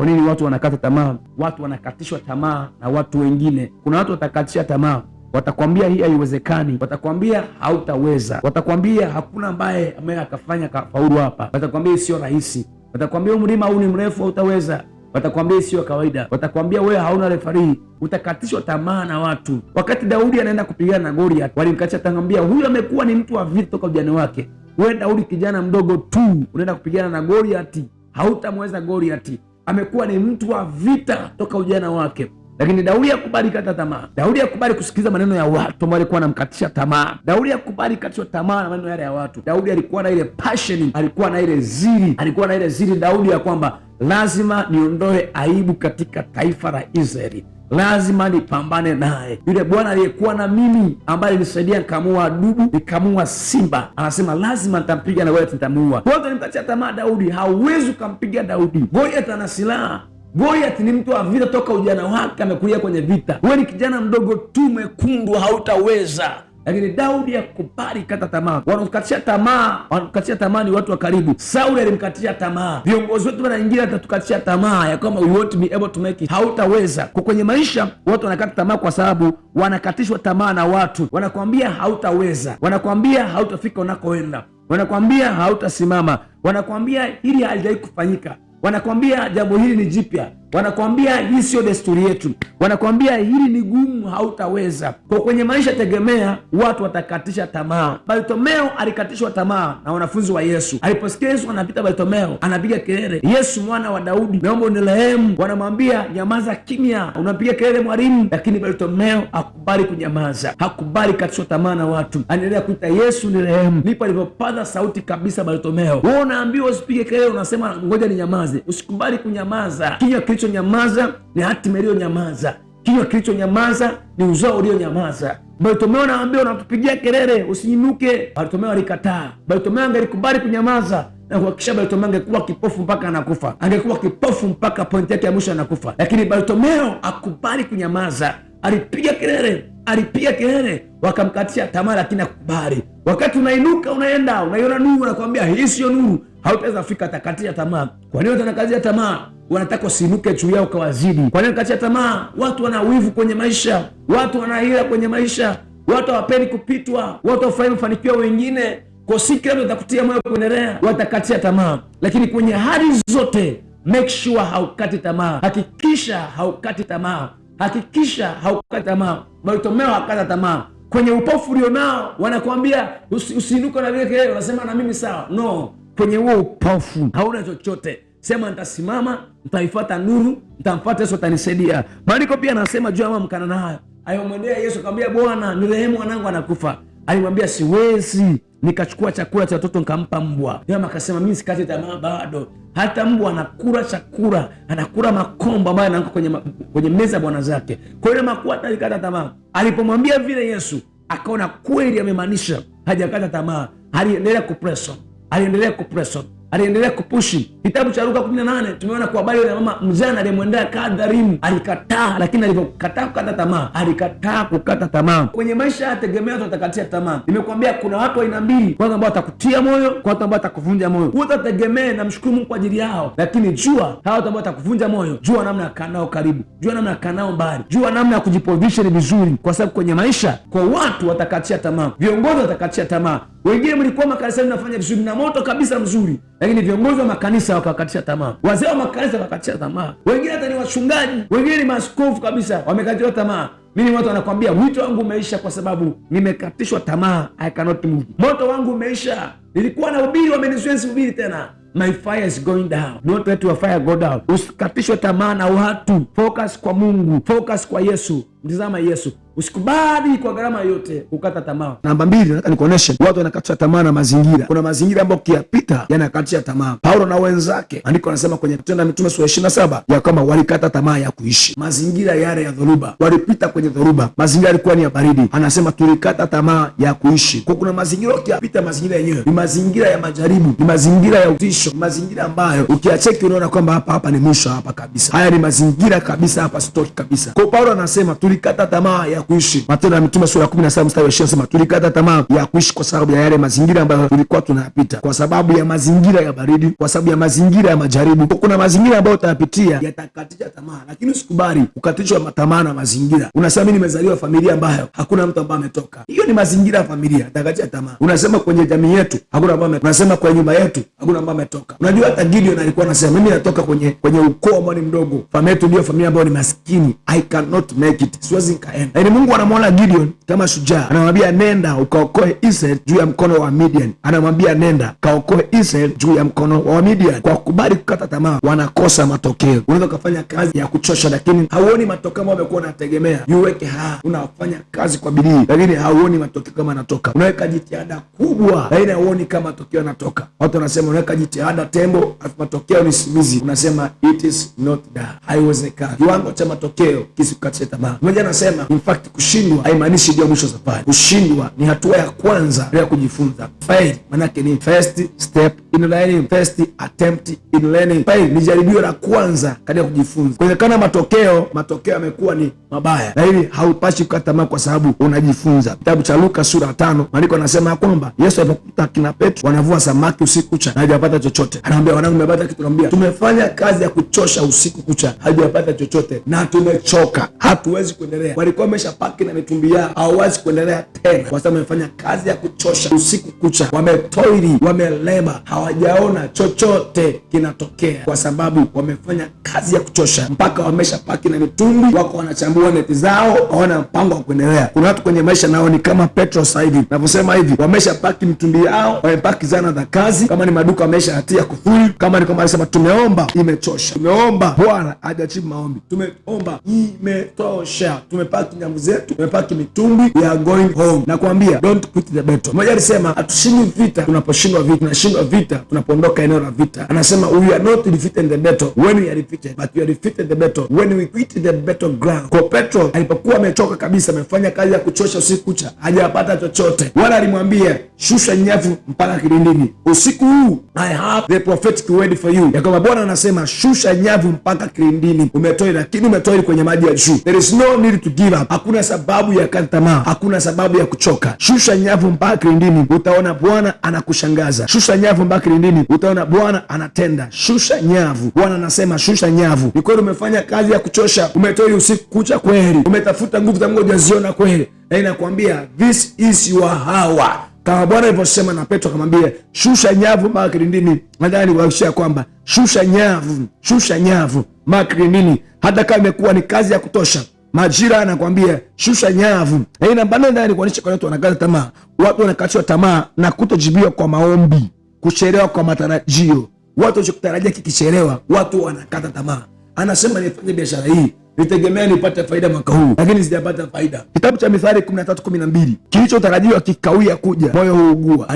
Kwa nini watu wanakata tamaa? Watu wanakatishwa tamaa na watu wengine. Kuna watu watakatisha tamaa, watakwambia hii haiwezekani, watakwambia hautaweza, watakwambia hakuna ambaye ambaye akafanya kafaulu hapa, watakwambia sio rahisi, watakwambia mlima huu ni mrefu, hautaweza watakwambia sio kawaida, watakwambia wewe hauna refarii. Utakatishwa tamaa na watu. Wakati Daudi anaenda kupigana na Goliath, walimkatisha tangambia, huyu amekuwa ni mtu wa vita toka ujana wake. Wewe Daudi kijana mdogo tu unaenda kupigana na Goliath, hautamweza Goliath amekuwa ni mtu wa vita toka ujana wake. Lakini Daudi hakubali kata tamaa. Daudi hakubali kusikiliza maneno ya watu ambao alikuwa anamkatisha tamaa. Daudi hakubali katishwa tamaa na maneno yale ya watu. Daudi alikuwa na ile passion, alikuwa na ile ziri, alikuwa na ile ziri Daudi ya kwamba lazima niondoe aibu katika taifa la Israeli lazima nipambane naye. Yule Bwana aliyekuwa na mimi, ambaye alinisaidia nikamua dubu, nikamua simba, anasema lazima nitampiga na Goliathi, nitamuua. Wote nimtatia tamaa Daudi. Hauwezi ukampiga Daudi. Goliathi ana silaha. Goliath ni mtu wa vita toka ujana wake, amekulia kwenye vita. Wewe ni kijana mdogo tu, mwekundu, hautaweza lakini Daudi hakukubali kata tamaa. Wanaokatisha tamaa, wanaokatisha tamaa ni watu wa karibu. Sauli alimkatisha tamaa. Viongozi wetu mara nyingine atatukatisha tamaa ya kwamba we won't be able to make it, hautaweza. Kwa kwenye maisha watu wanakata tamaa kwa sababu wanakatishwa tamaa na watu, wanakwambia hautaweza, wanakwambia hautafika unakoenda, wanakwambia hautasimama, wanakwambia hili halijawahi kufanyika, wanakwambia jambo hili ni jipya wanakwambia hii siyo desturi yetu, wanakwambia hili ni gumu, hautaweza. Kwa kwenye maisha tegemea watu watakatisha tamaa. bartomeo alikatishwa tamaa na wanafunzi wa Yesu. Aliposikia Yesu anapita, bartomeo anapiga kelele, Yesu mwana wa Daudi, naomba unirehemu. Wanamwambia nyamaza kimya, unapiga kelele mwalimu. Lakini bartomeo hakubali kunyamaza, hakubali katishwa tamaa na watu, anaendelea kuita Yesu ni rehemu Ndipo alivyopaza sauti kabisa bartomeo Wewe unaambiwa usipige kelele, unasema ngoja ninyamaze. Usikubali kunyamaza, kinywa kilichonyamaza ni hatima iliyonyamaza, kinywa kilichonyamaza ni uzao ulionyamaza. Bartimayo anaambiwa, natupigia kelele, usinyinuke. Bartimayo alikataa. Bartimayo angelikubali kunyamaza na kuhakikisha Bartimayo angekuwa kipofu mpaka anakufa, angekuwa kipofu mpaka pointi yake ya mwisho anakufa. Lakini Bartimayo akubali kunyamaza, alipiga kelele, alipiga kelele, wakamkatia tamaa, lakini akubali. Wakati unainuka unaenda, unaiona nuru, anakuambia hii siyo nuru, hautaweza fika, atakatia tamaa. Kwa nini utanakatia tamaa? wanataka wasiinuke juu yao kawazidi. Kwa nini kati ya tamaa? Watu wana wivu kwenye maisha, watu wana hila kwenye maisha, watu hawapendi kupitwa, watu hawafurahi mafanikio wengine, kwa si kila mtu atakutia moyo kuendelea, watakatia tamaa. Lakini kwenye hali zote make sure haukati tamaa, hakikisha haukati tamaa, hakikisha haukati tamaa. Bartimayo hakata tamaa kwenye upofu ulionao. Wanakuambia usiinuka, usi na vile kelele, wanasema na mimi sawa. No, kwenye huo upofu hauna chochote Sema nitasimama, nitaifuata nuru, nitamfuata Yesu atanisaidia. Maandiko pia anasema juu ama mkana nayo alimwendea Yesu akamwambia, Bwana ni rehemu wanangu anakufa. Alimwambia, siwezi nikachukua chakula cha watoto nkampa mbwa. ama akasema mi sikati tamaa bado. Hata mbwa anakula chakula, anakula makombo ambayo anaka kwenye, kwenye meza bwana zake. Kwa hiyo makuwa hata tamaa. Alipomwambia vile Yesu akaona kweli amemaanisha, hajakata tamaa. Aliendelea kupreso, aliendelea kupreso aliendelea kupushi. Kitabu cha Luka 18 tumeona kwa habari ya mama mjane aliyemwendea kadharimu, alikataa. Lakini alivyokataa kukata tamaa, alikataa kukata tamaa. Kwenye maisha ya watu watakatia tamaa. Nimekuambia kuna watu aina mbili, watu ambao watakutia moyo, kwa watu ambao watakuvunja moyo. Utategemee na mshukuru Mungu kwa ajili yao, lakini jua hawa watu ambao watakuvunja moyo, jua namna ya kanao karibu, jua namna ya kanao mbali, jua namna ya kujiposition vizuri, kwa sababu kwenye maisha kwa watu watakatia tamaa, viongozi watakatia tamaa. Wengine mlikuwa makanisani mnafanya vizuri na moto kabisa mzuri lakini viongozi wa makanisa wakakatisha tamaa, wazee wa makanisa wakakatisha tamaa, wengine hata ni wachungaji, wengine ni maaskofu kabisa wamekatishwa tamaa. Mimi watu wanakwambia wito wangu umeisha, kwa sababu nimekatishwa tamaa, I cannot move. Moto wangu umeisha, nilikuwa na ubiri, wamenizuia sihubiri tena. My fire is going down. let your fire go down. Usikatishwe tamaa na watu, focus kwa Mungu, focus kwa Yesu. Mtizama Yesu, usikubali kwa gharama yote kukata tamaa. Namba mbili, nataka nikuoneshe watu wanakatisha tamaa na mazingira. Kuna mazingira ambayo ukiyapita yanakatisha tamaa. Paulo na wenzake, andiko anasema kwenye Tendo la Mitume sura ishirini na saba ya kwamba walikata tamaa ya kuishi. Mazingira yale ya dhoruba, walipita kwenye dhoruba, mazingira yalikuwa ni ya baridi, anasema tulikata tamaa ya kuishi. Kwa kuna mazingira ukiyapita, mazingira yenyewe ni mazingira ya majaribu, ni mazingira ya utisho, mazingira ambayo ukiyacheki unaona kwamba hapa hapa ni mwisho, hapa kabisa, haya ni mazingira kabisa, hapa sitoki kabisa. Kwa Paulo anasema tulikata tamaa ya kuishi. Matendo ya Mitume sura ya 17 mstari wa 20 nasema tulikata tamaa ya kuishi kwa sababu ya yale mazingira ambayo tulikuwa tunayapita, kwa sababu ya mazingira ya baridi, kwa sababu ya mazingira ya majaribu. Kuna mazingira ambayo utayapitia yatakatisha tamaa, lakini usikubali kukatishwa tamaa na mazingira. Unasema mimi nimezaliwa familia ambayo hakuna mtu ambaye ametoka, hiyo ni mazingira ya familia, yatakatisha tamaa. Unasema kwenye jamii yetu hakuna ambaye, unasema kwenye nyumba yetu hakuna ambaye ametoka. Unajua hata Gideon alikuwa anasema mimi natoka kwenye kwenye ukoo ambao ni mdogo, familia yetu ndio familia ambayo ni maskini, I cannot make it siwezi nikaenda. Lakini Mungu anamwona Gideon kama shujaa, anamwambia nenda ukaokoe Israel juu ya mkono wa Midian, anamwambia nenda kaokoe Israel juu ya mkono wa Midian. Kwa kukubali kukata tamaa, wanakosa matokeo. Unaweza ukafanya kazi ya kuchosha, lakini hauoni matokeo ambayo umekuwa unategemea. Uweke ha unafanya kazi kwa bidii, lakini hauoni matokeo kama yanatoka. Unaweka jitihada kubwa, lakini hauoni kama matokeo yanatoka. Watu wanasema unaweka jitihada tembo, alafu matokeo ni simizi. Unasema it is not done, haiwezekani. Kiwango cha matokeo kisikukatishe tamaa. Mmoja anasema in fact, kushindwa haimaanishi ndio mwisho safari. Kushindwa ni hatua ya kwanza ya kujifunza. Fail manake ni first step in learning, first attempt in learning. Fail ni jaribio la kwanza katika kujifunza. Kuwezekana matokeo matokeo yamekuwa ni mabaya, na hivi haupashi kukata tamaa kwa sababu unajifunza. Kitabu cha Luka sura ya tano, maandiko anasema ya kwamba Yesu alipokuta akina Petro wanavua samaki usiku kucha na hajapata chochote, anaambia wanangu, mmepata kitu? Anamwambia tumefanya kazi ya kuchosha usiku kucha, hajapata chochote na tumechoka, hatuwezi kuendelea, walikuwa wamesha paki na mitumbi yao, hawawezi kuendelea tena, kwa sababu wamefanya kazi ya kuchosha usiku kucha, wametoili, wamelema, hawajaona chochote kinatokea, kwa sababu wamefanya kazi ya kuchosha mpaka wamesha paki na mitumbi, wako wanachambua neti zao, hawana mpango wa kuendelea. Kuna watu kwenye maisha nao ni kama Petro sasa hivi navyosema hivi, wamesha paki mitumbi yao, wamepaki zana za kazi, kama ni maduka wamesha hatia kufuli, kama ni kama alisema, tumeomba imechosha tumeomba Bwana hajajibu maombi, tumeomba imetosha share, tumepaki nyavu zetu, tumepaki mitumbi, we are going home. Nakwambia don't quit the battle. Mmoja alisema hatushindi vita tunaposhindwa vita, tunashindwa vita tunapoondoka eneo la vita. Anasema we are not defeated the battle when we are defeated, but we are defeated the battle when we quit the battle ground. Kwa Petro alipokuwa amechoka kabisa, amefanya kazi ya kuchosha usiku kucha, hajapata chochote, wala alimwambia shusha nyavu mpaka kilindini. Usiku huu I have the prophetic word for you, ya kwamba Bwana anasema shusha nyavu mpaka kilindini. Umetoa lakini umetoa kwenye maji ya juu, there is no need to give up. Hakuna sababu ya kata tamaa, hakuna sababu ya kuchoka. Shusha nyavu mpaka lindini, utaona Bwana anakushangaza. Shusha nyavu mpaka lindini, utaona Bwana anatenda. Shusha nyavu, Bwana anasema shusha nyavu. Ni kweli umefanya kazi ya kuchosha, umetoa usiku kucha kweli, umetafuta nguvu za Mungu hujaziona kweli, na inakwambia this is your hour kama Bwana alivyosema na Petro akamwambia shusha nyavu mpaka kilindini. Nadhani kuhakikishia kwamba shusha nyavu, shusha nyavu mpaka kilindini, hata kama imekuwa ni kazi ya kutosha Majira anakwambia shusha nyavu. Hii eh, namba nne ndani kuonyesha kwa watu wanakata tamaa, watu wanakatishwa tamaa na kutojibiwa kwa maombi, kuchelewa kwa matarajio. Watu kikichelewa, watu wanakata tamaa. Anasema nifanye biashara hii, nitegemea nipate faida mwaka huu, lakini sijapata faida. Kitabu cha Mithali 13:12, kilichotarajiwa kikawia kuja, moyo huugua.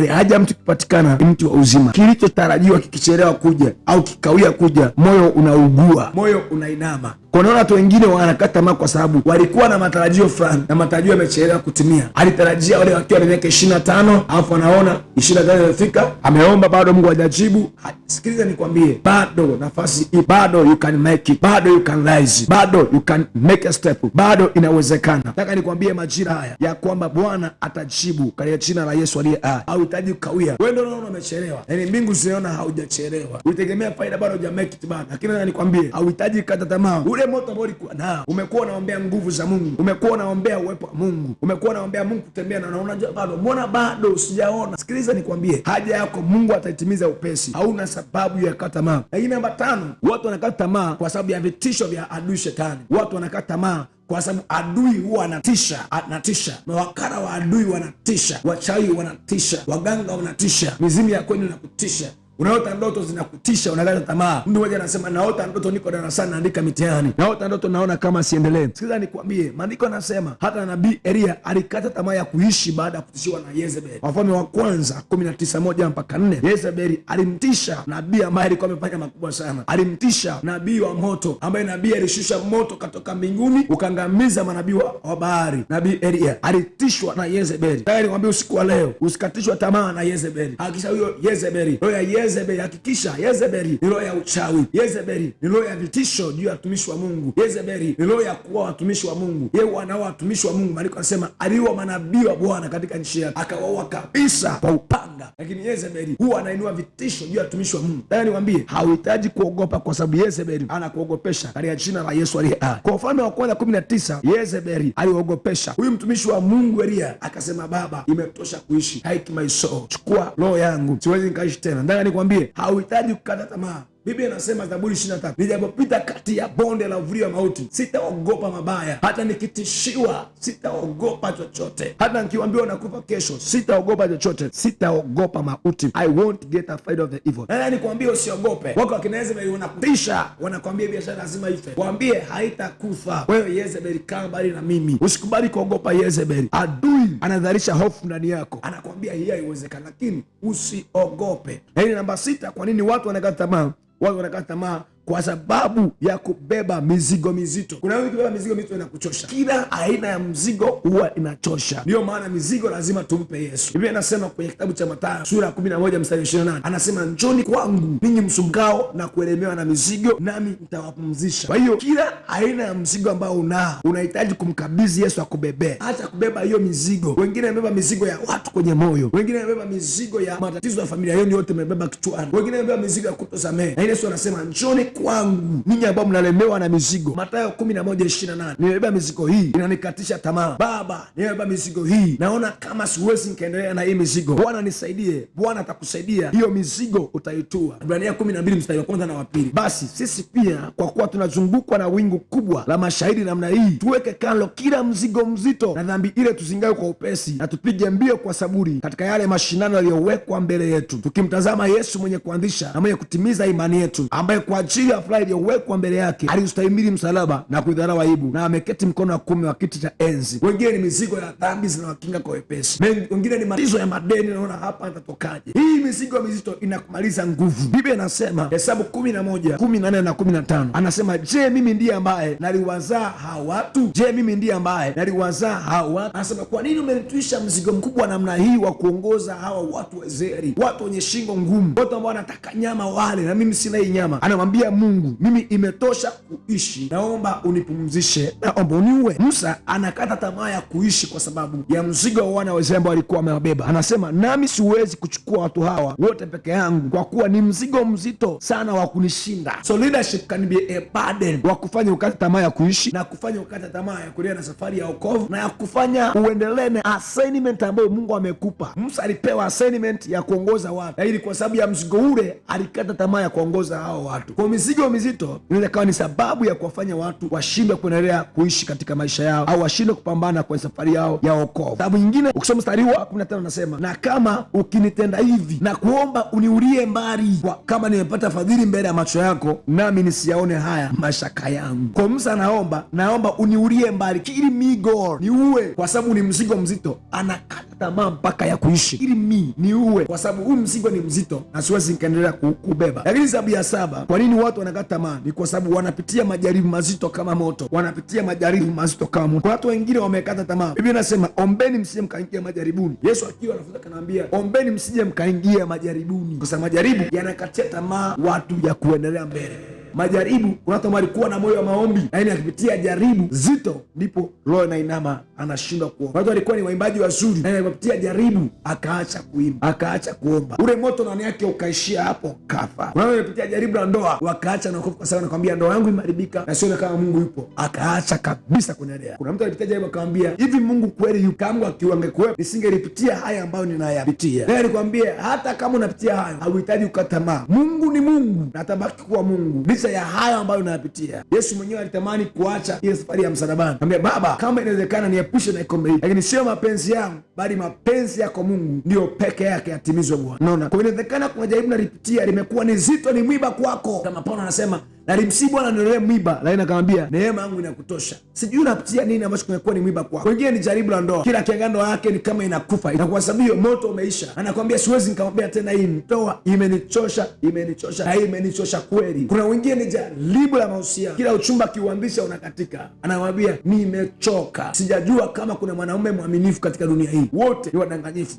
mtu kupatikana ni mtu wa uzima. Kilichotarajiwa kikichelewa kuja au kikawia kuja, moyo unaugua, moyo unainama. Kwa watu wengine wanakata tamaa kwa sababu walikuwa na matarajio fulani na matarajio yamechelewa kutimia. Alitarajia wale wakiwa na miaka tano alafu anaona tano imefika, ameomba bado Mungu hajajibu. Sikiliza nikwambie, bado nafasi hii, bado you can make it, bado you can rise, bado you can make a step, bado inawezekana. Nataka nikwambie majira haya ya kwamba Bwana atajibu katika jina la Yesu aliye hai. Hauhitaji kukawia. Wewe ndio unaona umechelewa, yaani mbingu zinaona haujachelewa, ulitegemea faida, bado hujamake it bado, lakini nataka nikwambie hauhitaji kata tamaa ule moto ambao ulikuwa nao, umekuwa unaombea nguvu za Mungu, umekuwa unaombea uwepo wa Mungu, umekuwa unaombea Mungu kutembea na unaona bado, mbona bado sijaona? Sikiliza nikwambie, haja yako Mungu ataitimiza upesi, hauna sababu ya kukata tamaa. Lakini namba tano, watu wanakata tamaa kwa sababu ya vitisho vya adui Shetani. Watu wanakata tamaa kwa sababu adui huwa anatisha, anatisha. Mawakala wa adui wanatisha, wachawi wanatisha, waganga wanatisha, mizimu ya kwenu na kutisha unaota ndoto zinakutisha, unakata tamaa. Mtu mmoja anasema naota ndoto niko darasani naandika mitihani, naota ndoto naona kama siendelee. Sikiza nikwambie, maandiko anasema hata nabii Elia alikata tamaa ya kuishi baada ya kutishiwa na Yezebeli. Wafalme wa Kwanza kumi na tisa moja mpaka nne. Yezebeli alimtisha nabii ambaye alikuwa amefanya makubwa sana, alimtisha nabii wa moto ambaye nabii alishusha moto katoka mbinguni ukaangamiza manabii wa bahari. Nabii Elia alitishwa na Yezebeli. Nikwambie usiku wa leo usikatishwa tamaa na Yezebeli. Hakikisha huyo Yezebeli, roho ya Yezebeli Yezebeli, hakikisha Yezebeli ni roho ya uchawi, Yezebeli ni roho ya vitisho juu ya watumishi wa Mungu, Yezebeli ni roho ya kuwa watumishi wa Mungu. Yeye wanao watumishi wa Mungu, maandiko anasema aliwa manabii wa Bwana katika nchi yake akawaua kabisa kwa upanga, lakini Yezebeli huwa anainua vitisho juu ya watumishi wa Mungu. Nataka niwaambie, hauhitaji kuogopa kwa sababu Yezebeli anakuogopesha katika jina la Yesu aliye hai. Kwa ufalme wa Kwanza kumi na tisa Yezebeli aliogopesha huyu mtumishi wa Mungu Eliya, akasema Baba, imetosha kuishi, haiki my soul, chukua roho yangu, siwezi nikaishi tena nikwambie, hauhitaji kukata tamaa. Biblia inasema Zaburi 23, nijapopita kati ya bonde la uvuli wa mauti, sitaogopa mabaya. Hata nikitishiwa, sitaogopa chochote. Hata nikiwambiwa nakufa kesho, sitaogopa chochote. Sitaogopa mauti, I won't get afraid of the evil. Nana yaani kuambia usiogope, wako wakina Yezebeli wanakutisha, wanakwambia biashara lazima ife, waambie haitakufa. Wewe Yezebeli, kaa mbali na mimi, usikubali kuogopa Yezebeli. Adui anadharisha hofu ndani yako, anakuambia hii haiwezekana, lakini usiogope. Yaani namba sita, kwa nini watu wanakata tamaa? o alguna carta más kwa sababu ya kubeba mizigo mizito. Kuna wewe kubeba mizigo mizito inakuchosha. Kila aina ya mzigo huwa inachosha, ndiyo maana mizigo lazima tumpe Yesu. Biblia inasema kwenye kitabu cha Mathayo sura ya 11 mstari 28, anasema njoni kwangu ninyi msungao na kuelemewa na mizigo, nami nitawapumzisha. Kwa hiyo kila aina ya mzigo ambao unao unahitaji kumkabidhi Yesu akubebee. hata kubeba hiyo mizigo. Wengine wamebeba mizigo ya watu kwenye moyo, wengine wamebeba mizigo ya matatizo ya familia, hiyo yote wamebeba kichwani, wengine wamebeba mizigo ya kutosamehe, na Yesu anasema njoni kwangu ninyi ambao mnalemewa na mizigo. Mathayo 11:28, nimebeba mizigo hii inanikatisha tamaa. Baba, nimebeba mizigo hii, naona kama siwezi nikaendelea na hii mizigo, Bwana nisaidie. Bwana atakusaidia, hiyo mizigo utaitua. Ibrania 12 mstari wa kwanza na wa pili. Basi sisi pia kwa kuwa tunazungukwa na wingu kubwa la mashahidi namna hii, tuweke kando kila mzigo mzito na dhambi ile tuzingawe kwa upesi, na tupige mbio kwa saburi katika yale mashindano yaliyowekwa mbele yetu, tukimtazama Yesu mwenye kuanzisha na mwenye kutimiza imani yetu, ambaye kwa ajili Msili ya furaha iliyowekwa mbele yake, alistahimili msalaba na kuidharau aibu, na ameketi mkono wa kumi wa kiti cha enzi. Wengine ni mizigo ya dhambi zinawakinga kwa wepesi, wengine ni matizo ya madeni. Naona hapa atatokaje? Hii mizigo mizito inakumaliza nguvu. Biblia inasema Hesabu kumi na moja kumi na nne na kumi na tano anasema, je, mimi ndiye ambaye naliwazaa hawa watu? Je, mimi ndiye ambaye naliwazaa hawa watu? Anasema, kwa nini umenitwisha mzigo mkubwa namna hii wa kuongoza hawa watu wezeri watu wenye shingo ngumu, watu ambao wanataka nyama wale, na mimi sina hii nyama. Anamwambia Mungu, mimi imetosha kuishi, naomba unipumzishe, naomba uniue. Musa anakata tamaa ya kuishi kwa sababu ya mzigo wa wana wa Israeli ambao alikuwa amewabeba. Anasema, nami siwezi kuchukua watu hawa wote peke yangu, kwa kuwa ni mzigo mzito sana wa kunishinda. So leadership can be a burden wa kufanya ukata tamaa ya kuishi na kufanya ukata tamaa ya kuendelea na safari ya wokovu na ya kufanya uendelee na assignment ambayo Mungu amekupa. Musa alipewa assignment ya kuongoza watu, ili kwa sababu ya mzigo ule alikata tamaa ya kuongoza hao watu kwa mizigo mizito inaweza kawa ni sababu ya kuwafanya watu washindwe kuendelea kuishi katika maisha yao au washindwe kupambana kwenye safari yao ya wokovu. Sababu nyingine, ukisoma mstari wa tano anasema, na kama ukinitenda hivi na kuomba uniulie mbali, kwa kama nimepata fadhili mbele ya macho yako, nami nisiyaone haya mashaka yangu. Kwa Musa anaomba, naomba uniulie mbali, kili migo ni uwe kwa sababu ni mzigo mzito. Anakata tamaa mpaka ya kuishi, mi ni uwe kwa sababu huu mzigo ni mzito na siwezi nikaendelea kubeba. Lakini sababu ya saba, kwa nini watu watu wanakata tamaa ni kwa sababu wanapitia majaribu mazito kama moto, wanapitia majaribu mazito kama moto. Watu wengine wamekata tamaa. Biblia inasema ombeni, msije mkaingia majaribuni. Yesu akiwa anafunza kanaambia, ombeni, msije mkaingia majaribuni, kwa sababu majaribu yanakatia tamaa watu ya kuendelea mbele majaribu, Kuna unatama walikuwa na moyo wa maombi, lakini akipitia jaribu zito ndipo roho inainama, anashindwa kuomba. Watu walikuwa ni waimbaji wazuri, lakini akipitia jaribu akaacha kuimba, akaacha kuomba, ule moto ndani yake ukaishia hapo, kafa. Kuna watu walipitia jaribu la ndoa wakaacha na kufa, kwa sababu anakwambia ndoa yangu imeharibika na sio kama Mungu yupo, akaacha kabisa kunielea. Kuna mtu alipitia jaribu akamwambia, hivi Mungu kweli yupo? Kama angekuwepo nisingelipitia haya ambayo ninayapitia. Naye alikwambia hata kama unapitia haya hauhitaji kukata tamaa, Mungu ni Mungu na atabaki kuwa Mungu licha ya hayo ambayo unayapitia. Yesu mwenyewe alitamani kuacha ile safari ya msalabani, ambia Baba, kama inawezekana niepushe na ikombe hili, lakini siyo mapenzi yangu, bali mapenzi yako Mungu ndiyo peke yake yatimizwe, Bwana. Naona kwa inawezekana kuna jaribu nalipitia limekuwa ni zito, ni mwiba kwako, kama Paulo anasema Nalimsii Bwana niondolee mwiba, lakini akamwambia neema yangu inakutosha. Sijui unapitia nini ambacho kinakuwa ni mwiba kwako. Wengine ni jaribu la ndoa, kila ndoa yake ni kama inakufa, na kwa sababu hiyo moto umeisha. Anakwambia siwezi nikamwambia tena, hii ndoa imenichosha, imenichosha na hii imenichosha kweli. Kuna wengine ni jaribu la mahusiano, kila uchumba kiuandisha unakatika, anamwambia nimechoka, sijajua kama kuna mwanaume mwaminifu katika dunia hii. Wote ni wadanganyifu,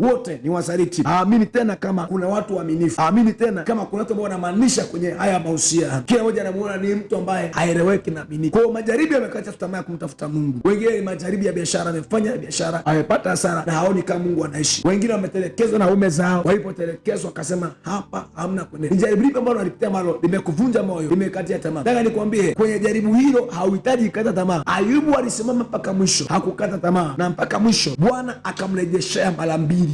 wote ni wasaliti. Aamini tena kama kuna watu waaminifu, aamini tena kama kuna watu ambao wanamaanisha kwenye haya mahusiano njia, kila mmoja anamuona ni mtu ambaye aeleweki na bini. Kwa hiyo majaribu yamekata tamaa ya kumtafuta Mungu, wengine ni majaribu ya biashara, amefanya biashara amepata hasara na haoni kama Mungu anaishi. Wengine wametelekezwa na ume zao, walipotelekezwa wakasema hapa hamna kwenda. Ni jaribu lipi ambalo walipitia malo limekuvunja moyo, limekatia tamaa? Nataka nikwambie kwenye jaribu hilo hauhitaji kata tamaa. Ayubu alisimama mpaka mwisho, hakukata tamaa na mpaka mwisho Bwana akamrejeshea mara mbili.